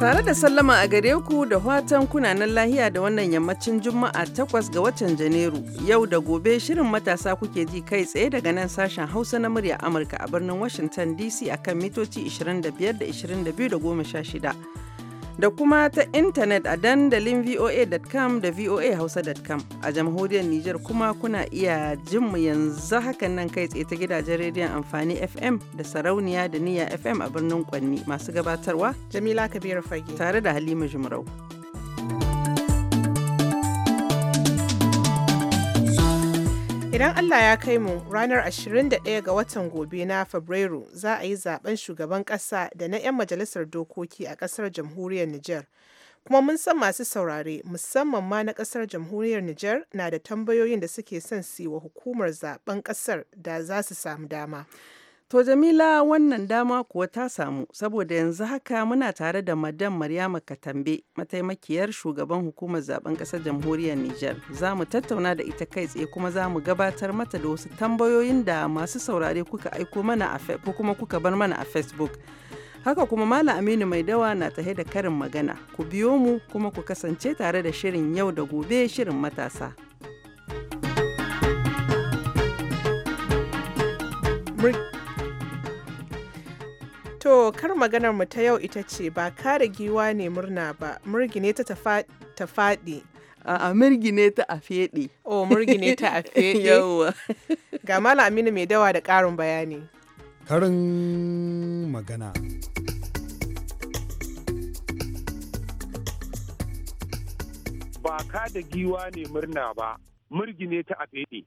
Tare da sallama a gare ku da watan kunanan lahiya da wannan yammacin Juma'a takwas ga watan Janairu. Yau da gobe shirin matasa kuke ji kai tsaye daga nan sashen Hausa na murya Amurka a birnin Washington DC akan mitoci 25 da 22 da 16. da kuma ta intanet a dandalin voa.com da voahausa.com a jamhuriyar Nijar kuma kuna iya jin mu yanzu hakan nan kai tsaye ta gidajen rediyon amfani FM da sarauniya da niyya FM a birnin Kwanni masu gabatarwa Jamila Kabiru Fage tare da Halima Jumrau. Idan Allah ya kai mu ranar 21 ga watan gobe na Fabrairu za a yi zaben shugaban ƙasa da na 'yan majalisar dokoki a ƙasar jamhuriyar Nijar. Kuma mun san masu saurare musamman ma na ƙasar jamhuriyar Nijar na da tambayoyin da suke son siwa wa hukumar zaben ƙasar da za su samu dama. To Jamila wannan dama kuwa ta samu saboda yanzu haka muna tare da Madam Maryama Katambe mataimakiyar shugaban hukumar zaben ƙasar jamhuriyar Nijar. Za mu tattauna da ita kai tsaye kuma za mu gabatar mata da wasu tambayoyin da masu saurare kuka aiko mana a ko kuma kuka bar mana a Facebook. Haka kuma Malam Aminu Mai Dawa na tahe da karin magana. Ku biyo mu kuma ku kasance tare da shirin yau da gobe shirin matasa. Break. To kar maganar mu ta yau ita ce ba kare giwa ne murna ba, murgine ta ta faɗi. A'a murgine ta a fede. Oh, murgine ta a fede. Yawwa. Ga Malam Aminu mai dawa da ƙarin bayani. Karin magana. Ba ka da giwa ne murna ba, murgine ta a fede.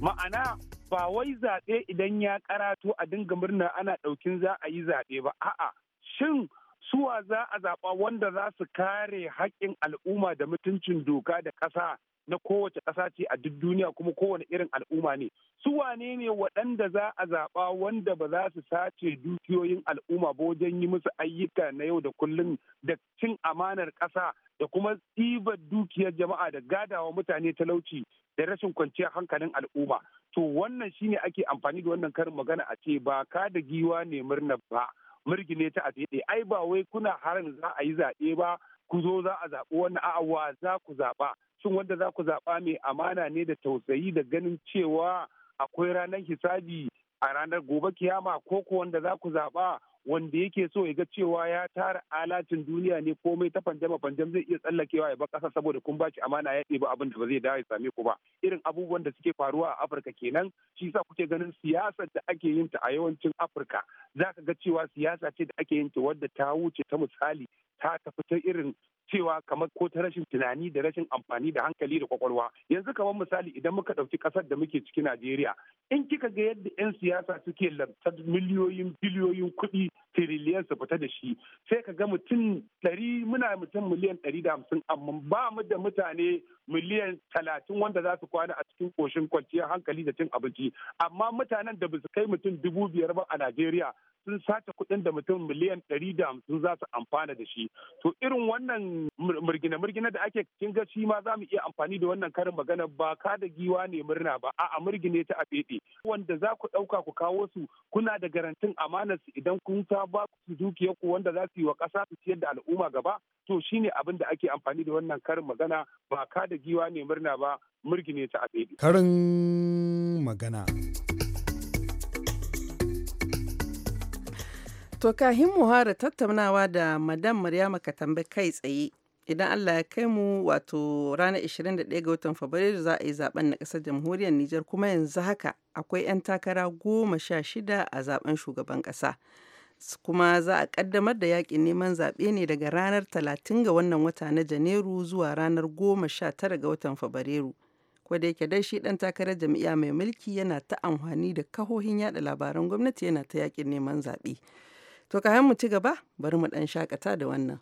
ma'ana ba wai zaɓe idan ya karatu a dinga murna ana ɗaukin za a yi zaɓe ba a'a shin suwa za a zaɓa wanda za su kare haƙƙin al'umma da mutuncin doka da ƙasa na kowace ƙasa ce a duk duniya kuma kowane irin al'umma ne su wane ne waɗanda za a zaɓa wanda ba za su sace dukiyoyin al'umma ba wajen yi musu ayyuka na yau da kullum da cin amanar ƙasa da kuma tsibar dukiyar jama'a da gadawa mutane talauci da rashin kwanciyar hankalin al'umma to wannan shine ake amfani da wannan karin magana a ce ba ka da giwa ne murna ba murgine ta a tsaye ai ba wai kuna harin za a yi zaɓe ba ku zo za a zaɓi wani a'a wa za ku zaɓa shin wanda za ku zaɓa mai amana ne da tausayi da ganin cewa akwai ranar hisabi a ranar gobe kiyama ko ko wanda za ku zaɓa wanda yake so ya ga cewa ya tara alacin duniya ne komai ta fanjama fanjam zai iya tsallakewa ya ba ƙasa saboda kun ba shi amana ya ɗebi abin da ba zai dawo ya same ku ba irin abubuwan da suke faruwa a afirka kenan shi sa kuke ganin siyasar da ake yin ta a yawancin afirka za ka ga cewa siyasa ce da ake yin ta wadda ta wuce ta misali ta tafi ta irin cewa kamar ko ta rashin tunani da rashin amfani da hankali da kwakwalwa yanzu kamar misali idan muka ɗauki ƙasar da muke ciki Najeriya in kika ga yadda 'yan siyasa suke lantar miliyoyin biliyoyin kuɗi tiriliyan su fita da shi sai ka ga mutum ɗari muna mutum miliyan ɗari da hamsin amma ba mu da mutane miliyan talatin wanda za su kwana a cikin ƙoshin kwanciyar hankali da cin abinci amma mutanen da ba su kai mutum dubu biyar ba a Najeriya sun sace kuɗin da mutum miliyan ɗari da hamsin za su amfana da shi to irin wannan murgina murgina da ake cikin gashi ma za mu iya amfani da wannan karin magana ba ka da giwa ne murna ba a'a murgine ta a fede wanda za ku ɗauka ku kawo su kuna da garantin amanar su idan kun ta ba su dukiyar ku wanda za su yi wa ƙasa su ciyar da al'umma gaba to shine abin da ake amfani da wannan karin magana ba ka da giwa ne murna ba murgine ta a fede karin magana To kahin mu hara tattaunawa da madam Maryama Katambe kai tsaye idan Allah ya kai mu wato ranar 21 ga watan Fabrairu za a yi zaben na ƙasar jamhuriyar Nijar kuma yanzu haka akwai 'yan takara goma sha shida a zaben shugaban ƙasa. Kuma za a ƙaddamar da yaƙin neman zaɓe ne daga ranar 30 ga wannan wata na Janairu zuwa ranar goma 19 ga watan Fabrairu. Kwada yake dai shi ɗan takarar jami'a mai mulki yana ta amfani da kahohin yada labaran gwamnati yana ta yaƙin neman zaɓe. To kayan mu ci gaba bari mu ɗan shakata da wannan.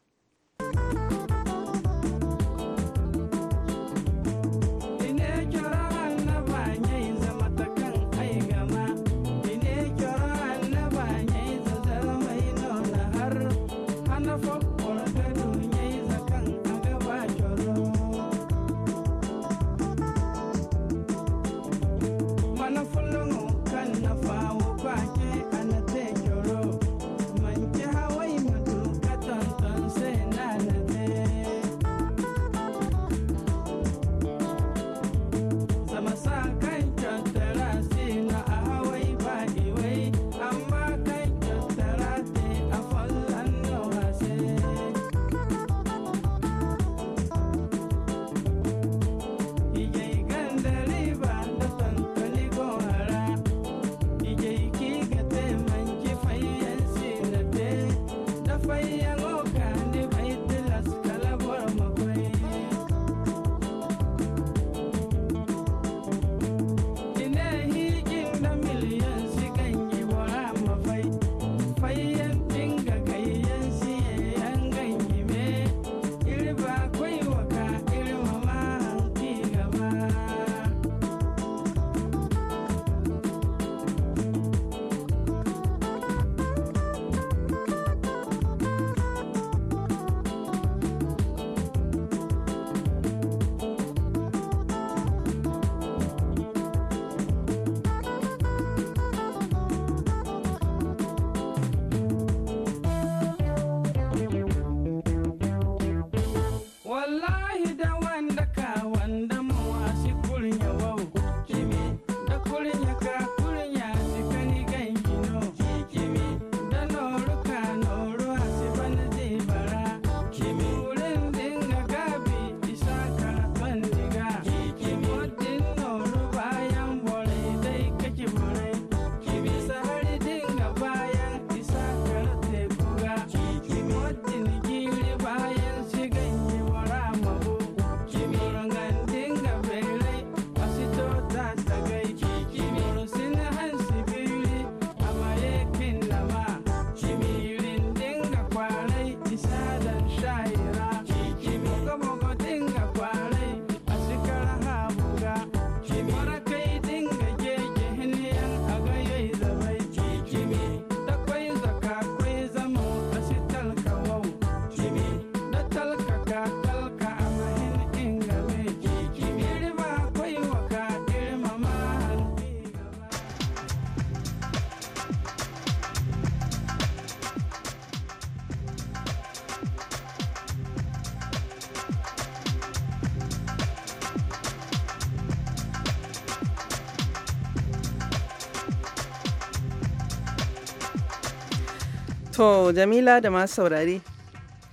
To Jamila da masu saurari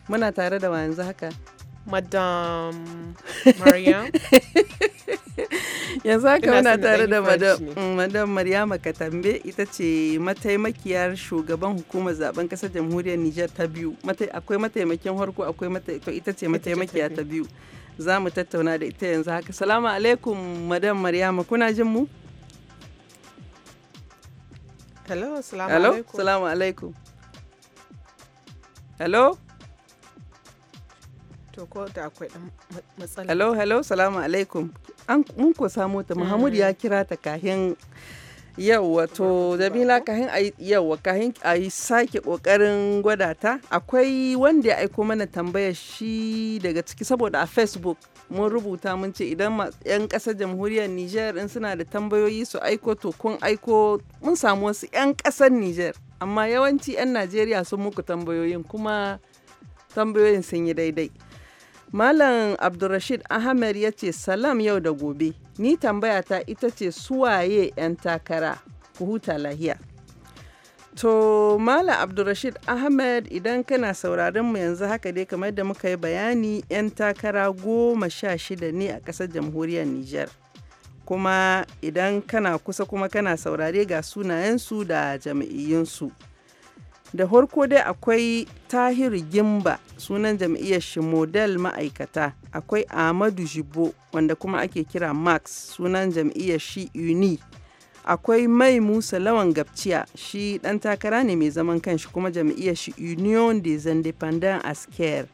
muna tare da yanzu haka. Madam Maryam. yanzu haka muna tare da mm, madam Maryama Katambe ita ce mataimakiyar shugaban hukumar zaben kasar jamhuriyar Nijar ta biyu. Akwai mataimakin harko akwai mataimakin ita ce mataimakiya ta biyu. Za mu tattauna da ita yanzu haka. Salamu alaikum madam Maryam, kuna jin mu? Hello, salamu alaikum. Hello, salamu alaikum. hello to ko da akwai matsala hello hello salamu alaikum an mun ko samu ta Muhammad ya mm. kira ta kahin yauwa to jamila kahin a yauwa kahin a yi sake kokarin gwada ta akwai wanda ya aiko mana tambayar shi daga ciki saboda a facebook mun rubuta mun ce idan yan kasar jamhuriyar niger in suna da tambayoyi su aiko to kun aiko mun samu wasu yan kasar niger amma yawanci 'yan najeriya sun muku tambayoyin kuma tambayoyin sun yi daidai malam abdulrashid ahmed ya ce salam yau da gobe ni tambaya ta ita ce suwaye 'yan takara ku huta lahiya To Malam Abdulrashid Ahmed idan kana sauraron mu yanzu haka dai kamar da muka yi bayani 'yan takara goma sha shida ne a ƙasar jamhuriyar Nijar. kuma idan kana kusa kuma kana saurare ga sunayensu da jam'iyyunsu da harko dai akwai tahir gimba sunan jam'iyyar shi model ma'aikata akwai ahmadu jibo wanda kuma ake kira max sunan jam'iyyar shi uni akwai mai musa lawan gabciya shi ɗan takara ne mai zaman kanshi kuma jam'iyyar shi union des independents asker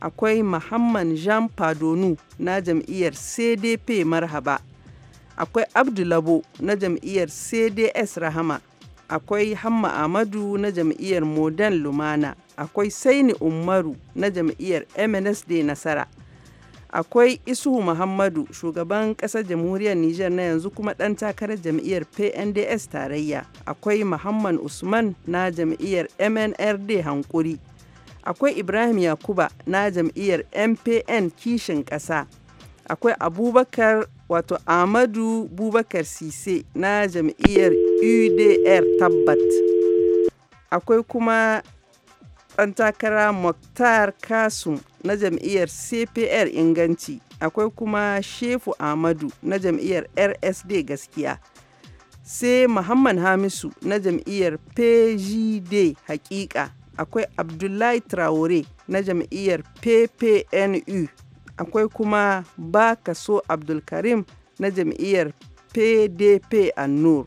akwai muhammad jean padonu na jam'iyyar cdp marhaba akwai Abdulabo na jam'iyyar CDS Rahama, akwai Hamma Amadu na jam'iyyar modern Lumana, akwai Saini Umaru na jam'iyyar MNSD Nasara. Akwai Isuhu Muhammadu shugaban ƙasar jamhuriyar Nijar na yanzu kuma ɗan takarar jam'iyyar PNDS tarayya. Akwai Muhammad Usman na jam'iyyar MNRD Hankuri. Akwai Ibrahim Yakuba na jam'iyyar MPN Kishin Ƙasa. akwai abubakar wato Ahmadu Bubakar Sise na jam'iyyar UDR tabbat. Akwai kuma ɗan takara Muktar Kasum na jam'iyyar CPR inganci. Akwai kuma Shefu Ahmadu na jam'iyyar RSD gaskiya. Sai Muhammad Hamisu na jam'iyyar PGD haƙiƙa, Akwai Abdullahi Traore na jam'iyyar PPNU akwai kuma ba so abdulkarim na jam'iyyar pdp annur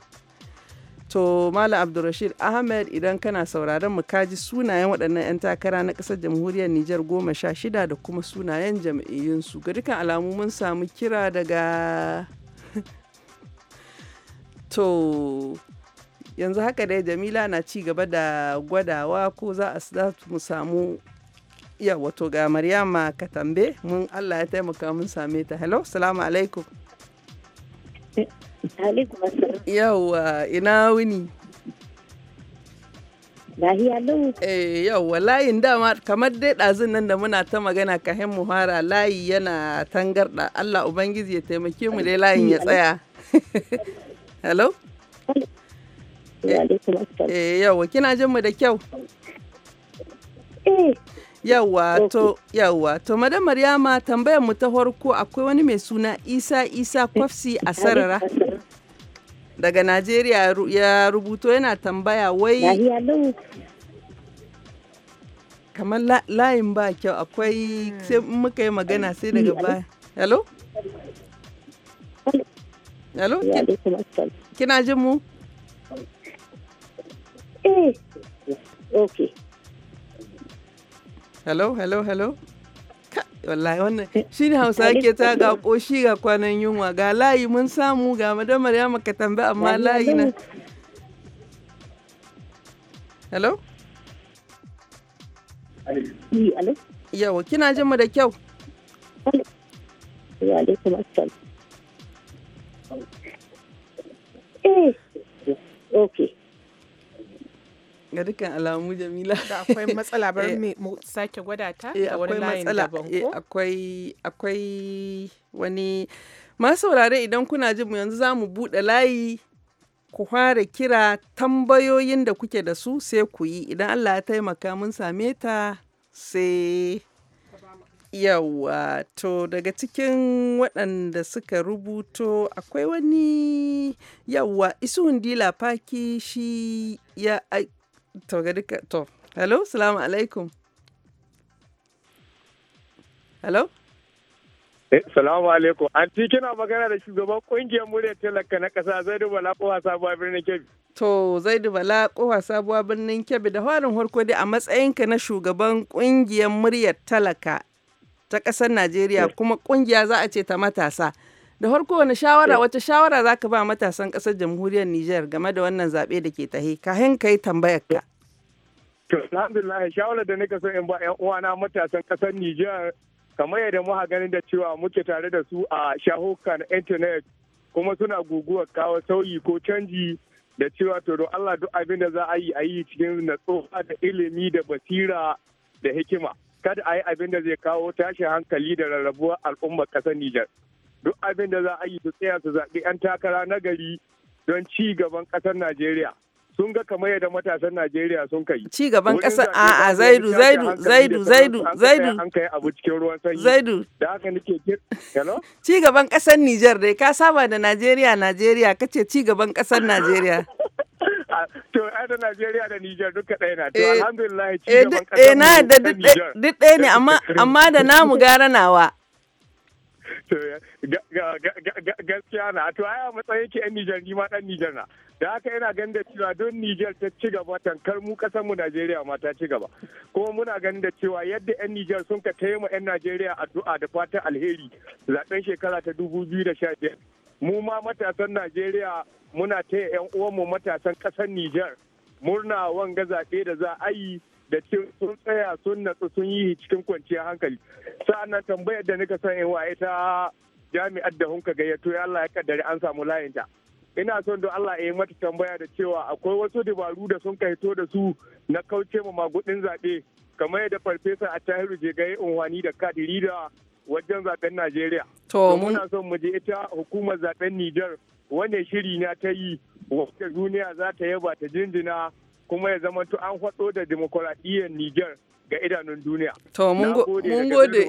to mala abdulrashid ahmed idan kana sauraron mu kaji sunayen waɗannan 'yan takara na ƙasar jamhuriyar nijar goma sha shida da kuma sunayen jam'iyyunsu ga dukkan alamu mun samu kira daga to yanzu haka dai jamila na ci gaba da gwadawa ko za a samu iya wato ga maryama katambe mun allah ya taimaka mun same ta hello salamu alaikum eh, Yawwa ina wuni lahiya eh layin dama kamar dai ɗazun nan da muna ta magana ka hin muhara layi yana tangarɗa allah ubangiji ya taimake mu dai layin ya tsaya hello eh kina jin mu da kyau eh, Yawwa to yawwa to madam Maryama tambayar mu ta farko akwai wani mai suna Isa Isa Kwafsi a Sarara daga Najeriya ya rubuto yana tambaya wai kamar layin ba kyau akwai hmm. sai muka yi magana sai daga baya hello hello kina jin mu eh okay hello hello hello wallahi wannan eh, shi ne eh, hausa eh. ke ta ga koshi ga kwanan yunwa ga layi mun samu ga madam maryama ka tambi amma layi na hello yawa kina jin mu da kyau okay ga dukkan alamu jamila da akwai matsala bari eh. mu sake gwada ta eh, da wani layin da banko. Eh, akwai akwai wani masu saurare idan kuna jin mu yanzu za mu buɗe layi ku fara kira tambayoyin da kuke da su sai ku yi idan Allah ya taimaka mun same ta sai yawa to daga cikin waɗanda suka rubuto akwai wani yawa isu dila faki shi ya to ga duka to hello salamu alaikum hello Salamu alaikum. Anti kina magana da shugaban kungiyar murya talaka na kasa Zaidu Bala kowa sabuwa birnin Kebbi. To Zaidu Bala kowa sabuwa birnin Kebbi da halin harko dai a matsayinka na shugaban kungiyar muryar talaka ta kasar Najeriya kuma kungiya za a ce ta matasa. Da farko wani shawara eh. wacce shawara za ka ba matasan kasar jamhuriyar Nijar game da wannan zaɓe da ke tahe kahin ka yi tambayar ka. alhamdulillah shawara da nika son in ba ƴan uwana matasan kasar Nijar kamar yadda muka ganin da cewa muke tare da su a shahukan intanet kuma suna guguwa kawo sauyi ko canji da cewa to Allah duk abin da za a yi a yi cikin natsuwa da ilimi da basira da hikima. kada a yi abin da zai kawo tashin hankali da rarrabuwar al'ummar ƙasar Nijar. duk abin da za a yi su tsaya su zaɓi 'yan takara na gari don ci gaban ƙasar Najeriya. Sun ga kamar yadda matasan Najeriya sun kai. Ci gaban ƙasar a a Zaidu Zaidu Zaidu Zaidu Zaidu. An kai abu cikin ruwan sanyi. Zaidu. Da haka nake kir. Hello? Ci gaban ƙasar Nijar dai ka saba da Najeriya Najeriya ce ci gaban ƙasar Najeriya. Ah, to ai da Najeriya da Nijar duka ɗaya na to eh, alhamdulillah ci eh, gaban ƙasar Nijar. Eh na da duk ɗaya ne amma amma da namu gara nawa. gaskiya na to ai matsayin ke yan Nijar ni ma dan Nijar na da haka yana ganin da cewa don Nijar ta ci gaba tankar mu kasar mu Najeriya ma ta ci gaba kuma muna ganin da cewa yadda yan Nijar sun ka taimaka yan Najeriya addu'a da fatan alheri zaben shekara ta 2015 mu ma matasan Najeriya muna taya yan uwanmu matasan kasar Nijar murna wanga zaɓe da za a yi da sun tsaya sun natsu sun yi cikin kwanciyar hankali sa'annan tambayar da nika son yawa ita jami'ar da hunka gayyato ya Allah ya kaddare an samu layinta ina son don Allah ya yi mata tambaya da cewa akwai wasu dabaru da sun kaito da su na kauce ma magudin zaɓe kamar yadda farfesa a tahiru je gaye unwani da kadiri da wajen zaben Najeriya. To muna son mu je ita hukumar zaben Nijar wane shiri na ta yi wa duniya za ta yaba ta jinjina kuma ya zama to an faɗo da demokuraɗiyyar Nijar ga idanun duniya. To mun gode.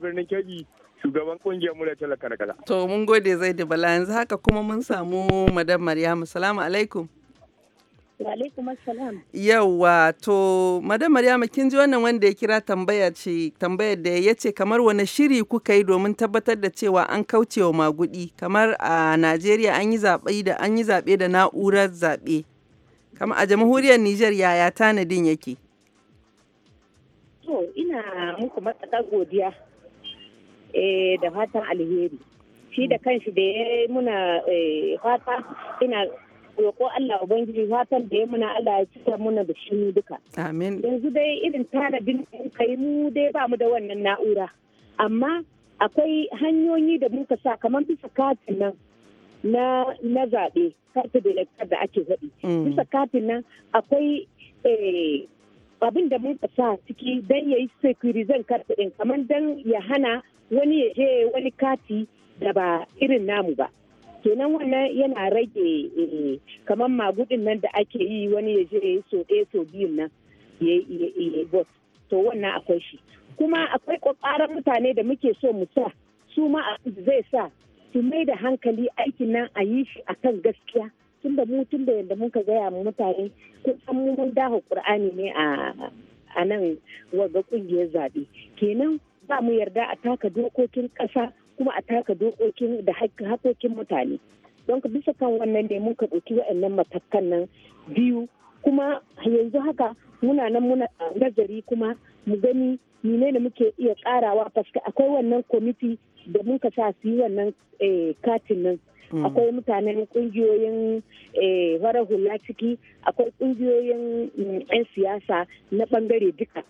birnin Kebbi shugaban kungiyar mu ta talaka To mun gode da Bala yanzu haka kuma mun samu Madam Maryamu. Salamu alaikum. Yawwa to Madam Maryamu kin ji wannan wanda ya kira tambaya ce tambayar da ya ce kamar wani shiri kuka yi domin tabbatar da cewa an kaucewa magudi kamar a Najeriya an yi zaɓe da an yi zaɓe da na'urar zaɓe Kama a jamhuriyar Nijar yaya tanadin yake? To ina muku matsaka godiya eh, da fatan alheri. Shi da kanshi da ya muna eh, fata ina roƙo Allah Ubangiji fatan da ya muna Allah ya cika muna da shi duka. Amin. Yanzu dai irin tanadin kai mu dai ba mu da wannan na'ura. Amma akwai hanyoyi da muka sa kamar bisa katin nan na zaɓe kati da da ake zaɓe mm. bisa kafin nan akwai eh, abin da mun sa ciki don ya yi securizan karta ɗin kamar don ya hana wani ya je wani kati da ba irin namu ba kenan wannan yana rage eh, kamar magudin nan da ake yi wani ya je so ɗaya so biyun nan ya yi to wannan akwai shi kuma akwai kwakwaran mutane da muke so mu sa su ma zai sa su mai da hankali aikin nan a yi shi a kan gaskiya tun da mutum da yadda muka gaya mu mutane kusan mu mun dawo qur'ani ne a nan waga ƙungiyar zaɓe kenan ba mu yarda a taka dokokin ƙasa kuma a taka dokokin da hakokin mutane don ka bisa kan wannan ne muka ɗauki waɗannan matakan nan biyu kuma yanzu haka muna nan muna nazari kuma mu gani mine ne muke iya karawa paske akwai wannan kwamiti da muka sa su yi wannan eh, katin nan mm. akwai mutanen kungiyoyin eh, farar hula ciki akwai kungiyoyin mm, 'yan siyasa na bangare duka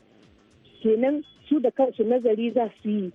kenan su da kansu nazari za su yi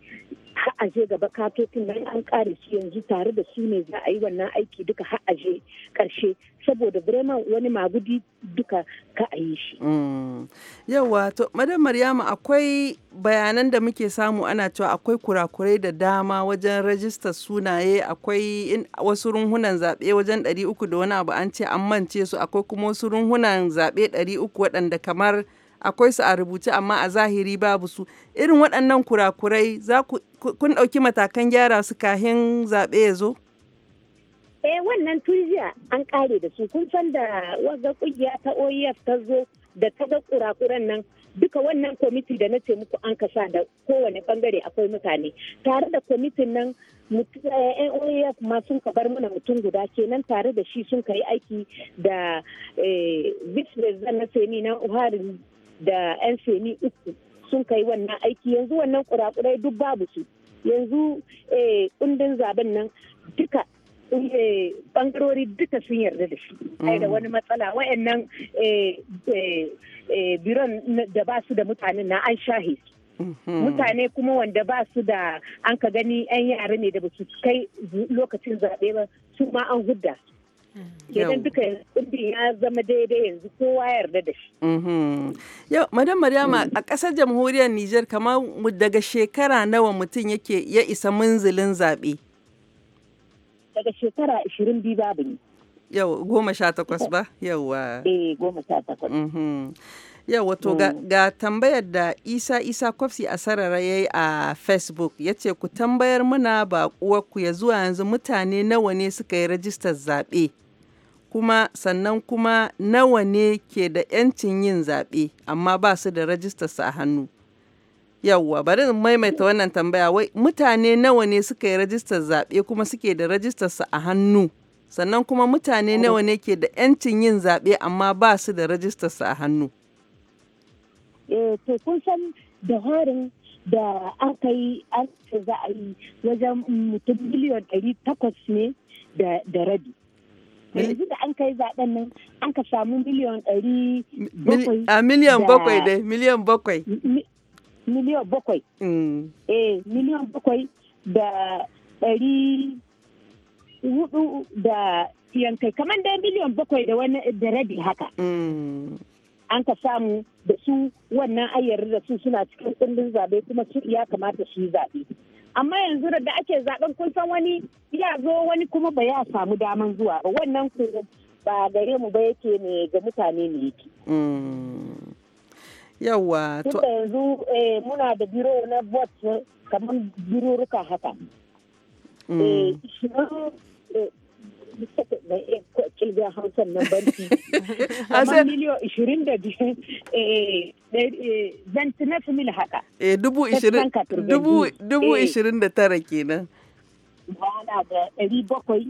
ha'aje gaba katokin nan an kare su yanzu tare da su ne za a yi wannan aiki duka ha'aje karshe saboda bremen wani magudi duka ka a yi shi. Mm. Yawa, to madam Maryama akwai bayanan da muke samu ana cewa akwai kurakurai da dama wajen rajistar sunaye akwai wasu runhunan zaɓe wajen 300 da wani abu an ce an mance su akwai kuma wasu runhunan zaɓe 300 waɗanda kamar akwai su a rubuce amma a zahiri babu su irin waɗannan kurakurai za kun ɗauki matakan gyara su kahin zaɓe ya zo? Eh wannan tun jiya an ƙare da su kun san da wanda ƙungiya ta OEF ta zo da ta ga kurakuran nan duka wannan kwamiti da na ce muku an kasa da kowane bangare akwai mutane tare da kwamitin nan eh, oef ma sun ka bar mana mutum guda kenan tare da shi sun ka yi aiki da eh, vice president na seni na uharin da 'yan semi uku sun kai wannan aiki yanzu wannan kurakurai duk babu su yanzu eh, kundin zaben nan duka bangarori eh, duka sun yarda da shi ai da mm. wani matsala wayannan eh, biron da ba su da mutanen na an shahe mm-hmm. mutane kuma wanda ba su da an ka gani 'yan yara ne da ba su kai lokacin zaɓe ba su ma an hudda su kenan duka kudin ya zama daidai yanzu kowa yarda da shi. Mhm. Yau, Madam Maryama mm. a ƙasar jamhuriyar Nijar kamar daga shekara nawa mutum yake ya isa munzulin zaɓe? Daga shekara ashirin biyu babu ne. Yau, goma sha takwas ba? Yauwa. Eh, goma sha takwas. Mhm. Yau wato mm. ga, tambayar da Isa Isa Kwafsi a sarara ya yi a Facebook ya ce ku tambayar muna ba ku ya zuwa yanzu mutane nawa ne suka yi rajistar zaɓe. kuma sannan kuma nawa ne ke da 'yancin yin zaɓe amma ba su da rajistar a hannu yawwa bari in maimaita wannan tambaya wai mutane nawa ne suka yi rajistar zaɓe kuma suke da rajistarsa a hannu sannan kuma mutane nawa ne ke da 'yancin yin zaɓe amma ba su da rajistarsa a hannu Eh, to kun san da horin da aka yi an za a yi wajen mutum miliyan ɗari takwas ne da rabi. yanzu da an kai zaɓen nan an ka samu miliyan ɗari bakwai a miliyan bakwai dai miliyan bakwai miliyan bakwai mm. eh miliyan bakwai da ɗari hudu da yankai kamar dai miliyan bakwai da wani da rabi haka mm. an ka samu da su wannan ayyar da su suna cikin kundin zabe kuma su ya kamata su yi zabe amma yanzu da ake zaben kun san wani ya zo wani kuma ba ya samu daman zuwa ba wannan ku ba gare mu ba yake ne ga mutane ne yake mm. yawwa. to yanzu eh, muna da biro na bot eh, kamar birorukan haka mm. eh, kilga hausan nan banki amma miliyo ishirin da biyar zan mil haka dubu ishirin da tara kenan. Bana da ɗari bakwai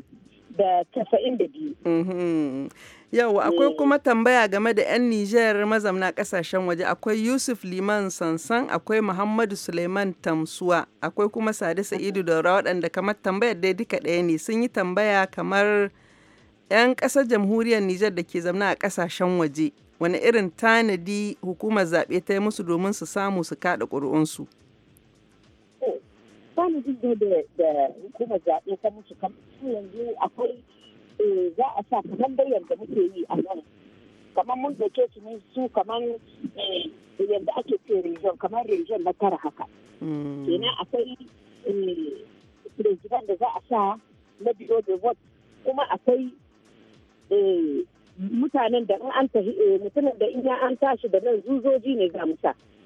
da tafa'in da biyu. Mhm. Yau akwai kuma tambaya game da 'yan Nijar mazamna kasashen waje akwai Yusuf Liman Sansan akwai Muhammadu Suleiman Tamsuwa akwai kuma Sade Sa'idu Daura waɗanda kamar tambayar dai duka ɗaya ne sun yi tambaya kamar 'yan ƙasar jamhuriyar Nijar da ke zamna a kasashen waje wani irin tanadi hukumar zaɓe ta yi musu domin su samu su kaɗa ƙuri'unsu. misali duk da hukumar zaɓe ta musu yanzu akwai eh, za a sa kamar bayan da muke yi a nan kamar mun dauke su ne su kamar eh, yadda ake ce region kamar region na tara haka mm. kenan akwai eh, president da za a sa na biyo da vote kuma akwai mutanen da an tafi mutumin da in an tashi da nan zuzoji ne ga mu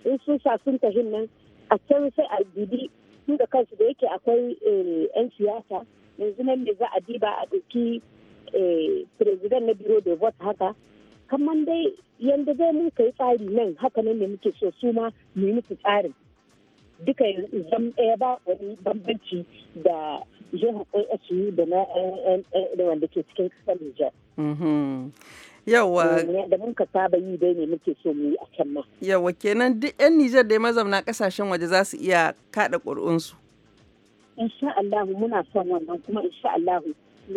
in sun sa sun tafi nan a can sai a bibi su da kansu da yake akwai 'yan eh, siyasa yanzu nan ne za a diba a ɗauki eh, president na biro da vote haka kamar dai yadda zai mun kai tsari nan haka nan ne muke so su ma mu yi muku tsarin duka zan ɗaya ba wani bambanci da jihar asu da na eh, wanda ke cikin kasar Nijar. Mm-hmm. Yawa. Eh, da mun ka saba yi dai ne muke so mu yi a can ma. Yawa kenan duk 'yan Nijar da mazauna kasashen waje za su iya kaɗa su. Insha Allah muna son wannan kuma insha Allah mu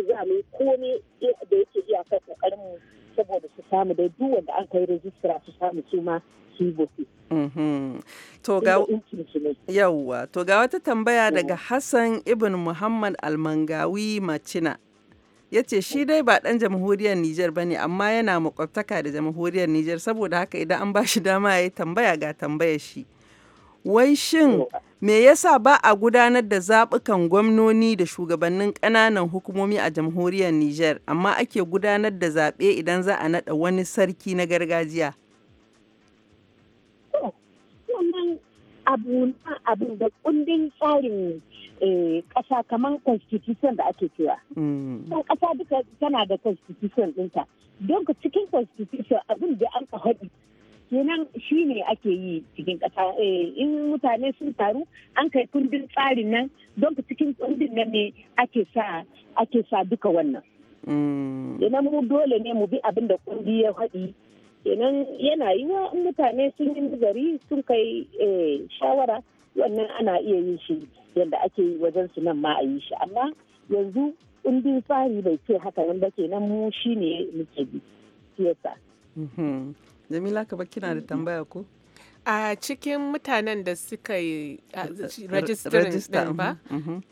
za mu yi komai da yake kai kokarin mu saboda su samu da duk wanda aka yi rijistra su samu su ma mhm. Yawwa, to ga wata tambaya daga Hassan Ibn Muhammad Almangawi Macina. ya ce shi dai ba ɗan jamhuriyar Nijar ba ne amma yana makwabtaka da jamhuriyar Nijar saboda haka idan an ba shi dama ya yi tambaya ga tambayar shi. Wai shin me yasa ba a gudanar da zaɓukan gwamnoni da shugabannin ƙananan hukumomi a jamhuriyar Nijar amma ake gudanar da zaɓe idan za a naɗa wani sarki na gargajiya? abu na abin da kundin tsarin kasa eh, kamar constitution da ake cewa. Kan mm. kasa duka tana da constitution ɗinta. Don ka cikin constitution abin da an ka haɗi kenan shi ne ake yi cikin kasa. Eh, in mutane sun taru an kai kundin tsarin nan don cikin kundin nan ne ake sa duka wannan. Mm. Kenan mu dole ne mu bi abin da kundi ya haɗi kenan yana yiwa in mutane sun yi nazari sun kai eh, shawara wannan ana iya yin shi yadda ake yi wajen su nan ma a yi shi amma yanzu kundin tsari bai ce haka nan ba kenan mu shi ne muke bi siyasa. Mhm. Jamila ka kina da tambaya ko? A cikin mutanen da suka yi rajistar ba? Mhm, mhm.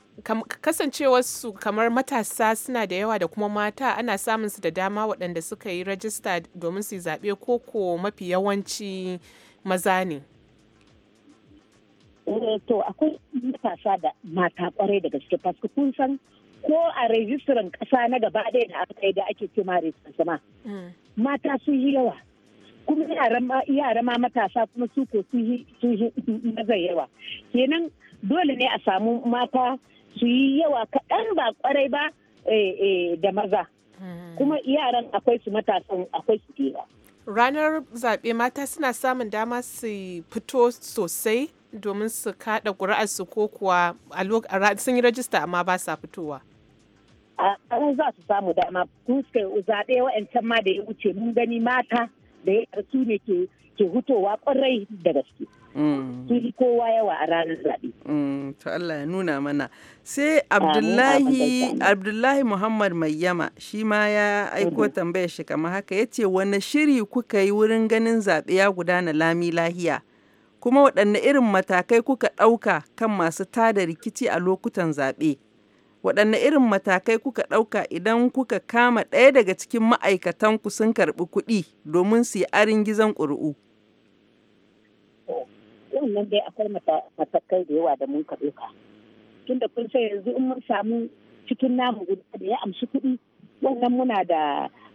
kasancewarsu kamar matasa suna da yawa da kuma mata ana samun su da dama waɗanda suka yi rajista domin su zaɓe ko ko mafi yawanci maza ne eh, to akwai matasa da mata kwarai da gaske fasku kun san ko a rejistiran ƙasa na gaba ɗaya da aka yi da ake cema rajistar sama mm. mata sun yi yawa kuma yara ma matasa kuma su ko sun yi maza yawa kenan dole ne a samu mata su yi yawa kaɗan ba kwarai ba eh, eh, da maza hmm. kuma yaran akwai su matasan akwai su ɗewa. ranar zaɓe mata suna samun dama su fito sosai domin su kaɗa ƙuri'arsu ko kuwa sun yi rajista amma ba sa fitowa. a za su samu dama kun suka zaɓe wa'ancan ma da ya wuce mun gani mata da ya su ne ke hutowa ƙwarai da gaske. Kiri mm. kowa yawa a ranar zaɓe. Mm, to Allah ya nuna mana. Sai Abdullahi Abdullahi Muhammad Mayyama shi ma ya aiko mm-hmm. tambayar shi kamar haka ya ce wani shiri kuka yi wurin ganin zaɓe ya gudana lami lahiya? Kuma waɗanne irin matakai kuka ɗauka kan masu tada rikici a lokutan zaɓe? waɗanne irin matakai kuka ɗauka idan kuka kama ɗaya daga cikin ma'aikatanku sun karɓi kuɗi domin su yi arin gizon ƙuri'u? nan dai akwai matakai da yawa da mun ka ɗauka tun da kun sai yanzu in mun samu cikin namu guda da ya amshi kuɗi wannan muna da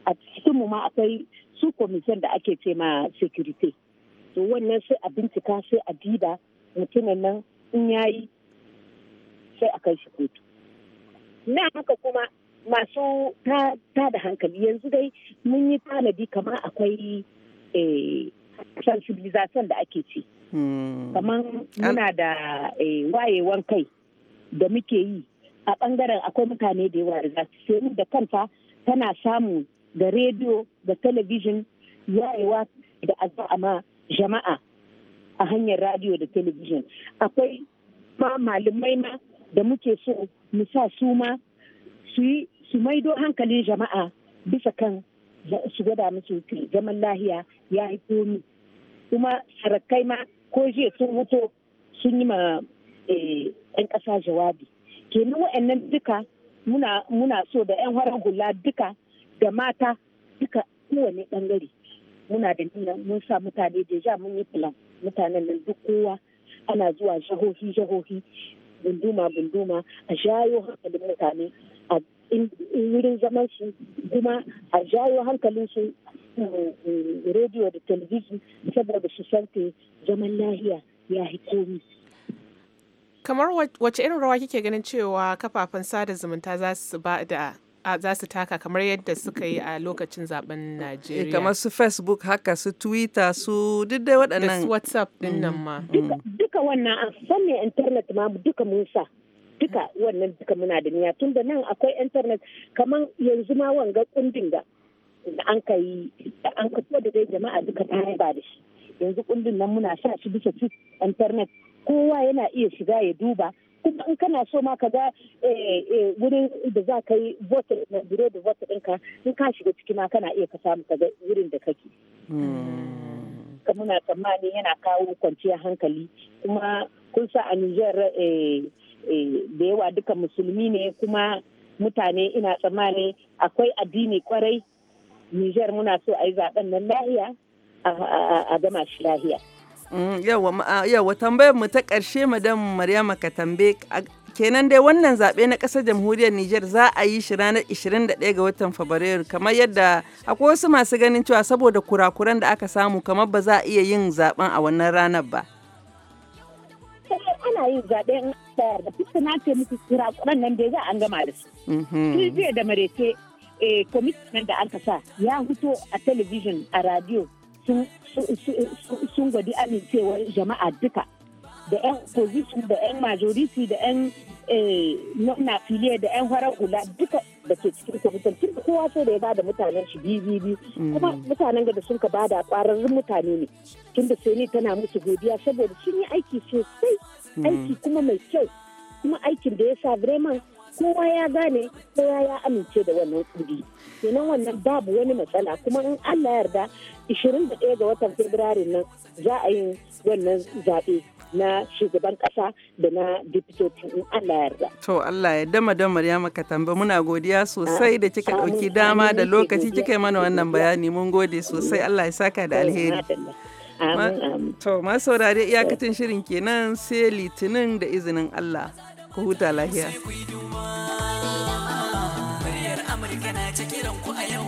a cikin mu ma akwai su komishin da ake ce ma security to wannan sai a bincika sai a diba mutumin nan in ya yi sai a kai shi kotu na haka kuma masu ta da hankali yanzu dai mun yi tanadi kamar akwai eh, sensibilization da ake ci Hmm. kamar muna da eh, wayewan kai da muke yi a bangaren akwai mutane da yawa da sai da kanta tana samu da rediyo da talabijin yayewa da azama jama'a a hanyar radio da talabijin akwai ma malamai ma da muke so mu sa su ma su su maido hankalin jama'a bisa kan su gwada musu zaman lahiya ya yi komi kuma sarakai ma ko jiya sun wuto sun yi ma 'yan eh, ƙasa jawabi kenan wa'annan duka muna so da 'yan harar hula duka da mata duka kowane bangare muna da nuna mun sa mutane da ja mun yi filan mutanen nan duk kowa ana zuwa jihohi jihohi bunduma bunduma a jayo hankalin mutane a wurin zaman shi kuma a jawo hankalin su eh, rediyo da talabijin saboda su sante zaman lahiya ya komi. kamar wace irin rawa kike ganin cewa kafafen sada zumunta za su ba da za su taka kamar yadda suka yi a lokacin zaben Najeriya. Eh, kamar su Facebook haka su Twitter su duk dai waɗannan. Da su WhatsApp din nan ma. Duka wannan a san internet ma duka mun duka wannan duka muna da niyya tun da nan akwai internet kamar yanzu ma wanga kundin da an ka yi an ka da dai jama'a duka ta ba da shi yanzu kundin nan muna sha shi bisa internet kowa yana iya shiga ya duba kuma in kana so ma ka ga eh, eh, wurin da za ka yi vote na biro da vote ɗinka in ka shiga ciki ma kana iya ka samu ka wurin da kake. Hmm. muna tsammanin yana kawo kwanciyar hankali kuma kun sa a Nijar eh, Eh, da yawa duka musulmi ne kuma mutane ina tsammani akwai addini kwarai Nijar muna so a yi zaben nan lahiya a gama shi lahiya. Mm, yawa tambayar mu ta ƙarshe madam Maryama ka tambe kenan dai wannan zaɓe na ƙasar jamhuriyar Nijar za a yi shi ranar 21 ga watan Fabrairu kamar yadda akwai wasu masu ganin cewa saboda kurakuran da aka samu kamar ba za a iya yin zaɓen a wannan ranar ba. ana yin zaɓe in tsayar da fuska na ce muku kurakuran nan da za an gama da su. Mhm. Tun da marece kwamitin eh, da aka sa ya fito a talabijin a radio sun gwadi amincewar jama'a duka da 'yan opposition da 'yan majority da 'yan nuna eh, filiya da 'yan farar hula duka da ke cikin kwamitin tun da kowa sai da ya bada mutanen shi biyu mm. kuma mutanen da sun ka bada kwararrun mutane ne tun da sai tana musu godiya saboda sun yi aiki sosai Hmm. aiki kuma mai kyau kuma aikin da ya sa vraiment kowa ya gane kowa ya amince da wannan kudi kenan wannan babu wani matsala kuma in allah yarda 21 ga watan fabrairu nan za a yi wannan zaɓe na shugaban ƙasa da na deputy in allah yarda to allah ya dama da maryama katamba muna godiya sosai da kika dauki dama da lokaci kika yi mana wannan bayani mun gode sosai allah ya saka da alheri Amin, To, masu saurare iyakacin shirin kenan sai litinin da izinin Allah. Ku huta lahiya. Amurka na ta a yau.